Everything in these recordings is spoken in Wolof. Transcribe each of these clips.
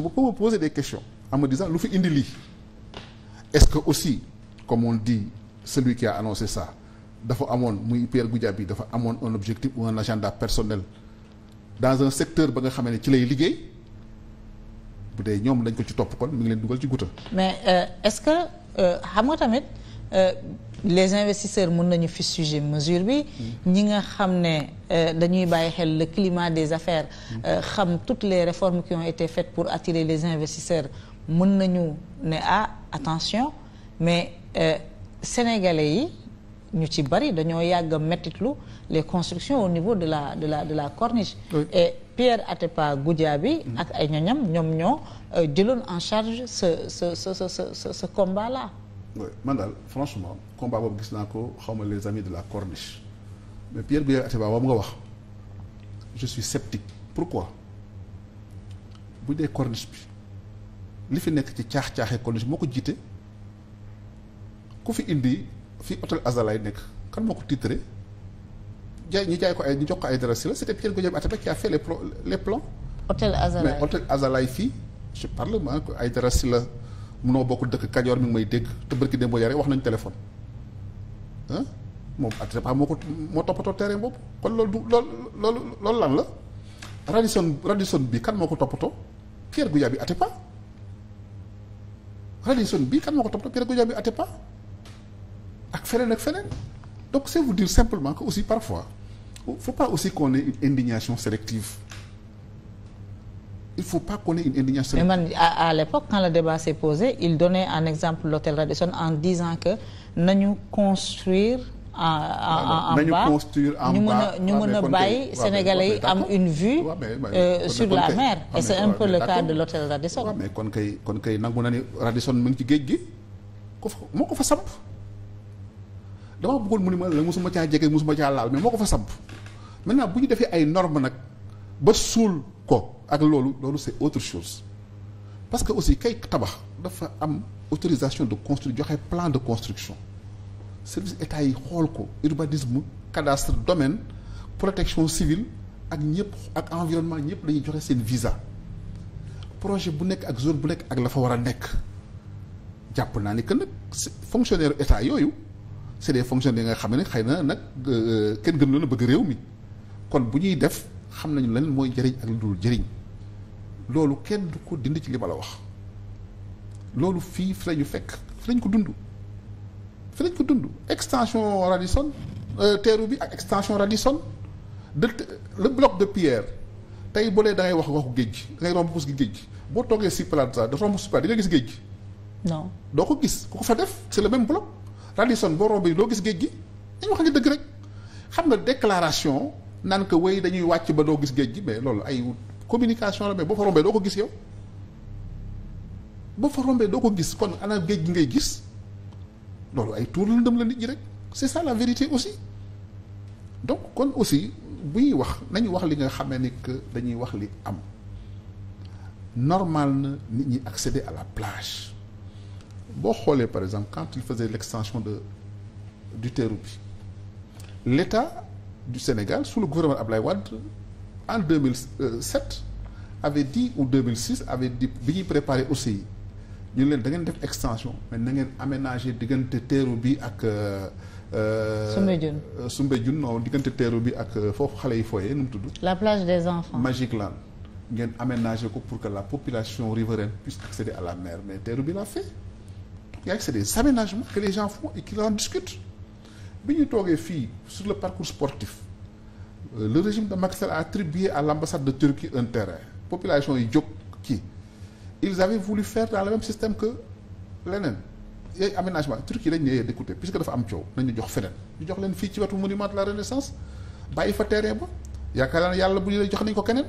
vous pouvez me poser des questions en me disant lu fi indi lii est-ce que aussi comme on dit celui qui a annoncé dafa amoon muy Pierre bi dafa amoon un objectif ou un agenda personnel dans un secteur ba nga xamee ne ci lay liggéey bu dee ñoom dañ ko ci topp kon mi ngi leen dugal ci guta mais euh, est-ce que euh, xam nga tamit euh, les investisseurs mun nañu fi fustiger mesure bi mm. ñi nga xam ne euh, dañuy bàyyi xel le climat des affaires mm. euh, xam toutes les réformes qui ont été faites pour attirer les investisseurs mun nañu ne ah attention mais euh, sénégalais yi ñu ci bari dañoo yàgg a mettitlu les constructions au niveau de la de la de la corniche et Pierre Atepa bi mm. ak ay ñoñam ñoom ñoo jëloon en charge ce ce ce combat là man daal franchement combat boobu gis naa ko xaw ma les de la corniche mais Pierre Goudiaby Atépa moom nga wax je suis sceptique pourquoi bu dee corniche bi li fi nekk ci caax-caaxee corniche moo ko jiite ku fi indi fi hôtel Azalay nekk kan moo ko titre jaay ñu jaay ko ay ñu jox ko ay dara si la c'était Pierre Goudiaby Atépa qui a fait les pro les plans. hôtel Azalay fii je parle ma ay dara la. munoo bokk dëkk Kajoor mi ngi may dégg te barki démb yare wax nañ téléphone ah moom Atépa moo ko moo toppatoo terrain boobu kon loolu du loolu loolu loolu lan la Radisson Radisson bi kan moo ko toppatoo Pierre Goudiaby Atépa Radisson bi kan moo ko toppatoo Pierre Goudiaby Atépa ak feneen ak feneen donc c'est vous dire simplement que aussi parfois faut pas aussi qu'on ait une indignation sélective il faut pas qu'on une indignation. mais man à, à l'époque quand le débat s'est posé il donnait un exemple l'hôtel Radisson en disant que nañu construire. en en ah, ñu mën a ñu ah, mën a am une vue. Euh, sur la mer et c'est un peu le cas de l'hôtel Radisson. mais kon kay kon kay nangu na ni Radisson mu ngi ci géej gi ko fa moo ko fa samp dama bëggoon mu ni ma la mosuma caa jege mosuma caa laal mais moo ko fa samp maintenant bu ñu defee ay normes nag ba suul ko. ak loolu loolu c'est autre chose parce que aussi kay tabax dafa am autorisation de construire joxe plan de construction service état yi xool ko urbanisme cadastre domaine protection civile ak ñëpp ak environnement ñëpp lañuy joxe seen visa projet bu nekk ak zone bu nekk ak la fa war a nekk jàpp naa ne que nag fonctionnaire état yooyu c'est des fonctionnaires yi nga xam ne xëy na nag euh, kenn gën leen a bëgg réew mi kon bu ñuy def xam nañu lan mooy jëriñ ak lu jëriñ loolu kenn du ko dind ci li la wax loolu fii fi lañu fekk fi lañ ko dund fi lañ ko dund extension Radisson euh, teeru bi ak extension Radisson de le bloc de pierre tey boolee da wax waxu géej gi da ngay romb pus géej boo toogee si Plaza da romb si Plaza di nga gis géej gi doo ko gis ku ko fa def c'est la même bloc Radisson boo rombee doo gis géej gi dañu wax nga dëgg rek xam nga déclaration naan ko wéy dañuy wàcc ba doo gis géej gi mais loolu ay communication la mais boo fa rombee doo ko gis yow boo fa rombee doo ko gis kon ana géej gi ngay gis loolu ay tuur la dem la nit ñi rek c'est ça la vérité aussi donc kon aussi buy wax nañu wax li nga xamee ni que dañuy wax li am normal na nit ñi accéder à la plage boo xoolee par exemple quand il faisait l'extension de du Terrou-Bi l'État du Sénégal sous le gouvernement Ablaye Wade en 2007 avait dit ou 2006 avait dit bi ñuy préparé aussi ñu leen dangeen def extension mais na ngeen aménager diggante teeru bi ak. Euh, Soumbédioune euh, Soumbédioune non diggante teeru bi ak euh, foofu xale yi foyee nu mu tudd. la plage des enfants Magic Land ngeen aménager ko pour que la population riveraine puisse accéder à la mer mais teeru bi l'a fait donc yaa ngi c'est des aménagements que les gens font et en discutent bi ñu toogee fii sur le parcours sportif. Euh, le régime de Macky Sall a attribué à l'ambassade de Turquie un terrain population yi jóg ci ils avaient voulu faire dans le même système que leneen yooyu aménagement Turquie dañ ne yéen écoutez puisque dafa am coow nañu jox feneen ñu jox leen fii ci wetu monument de la renaissance bàyyi fa terrain ba yaakaar naa ne yàlla bu ñu lay jox nañ ko keneen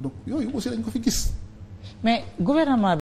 donc yooyu aussi dañ ko fi gis mais gouvernement